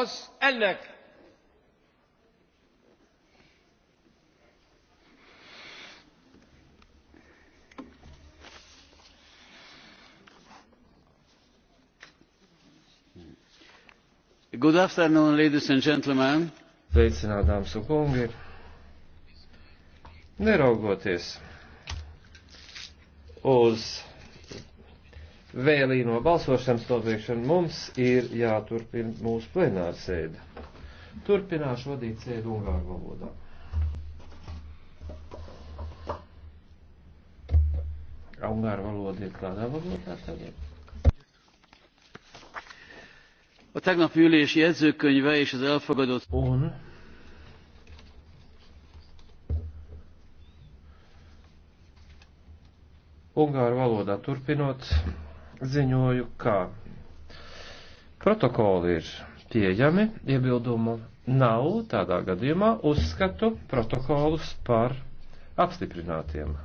az ennek Good afternoon, ladies and gentlemen. Sveicināt, dāmas un kungi. Neraugoties uz vēlīno balsošanas nobeigšanu mums ir jāturpina mūsu plenāra sēde. Turpināšu vadīt sēdi ungāru valodā. Ungāru valoda ir kādā valodā tagad? A tegnapi ülés jegyzőkönyve és az elfogadott... Un... Ungāru valodā turpinot, ziņoju, ka protokoli ir pieejami, iebildumu nav, tādā gadījumā uzskatu protokolus par apstiprinātiem.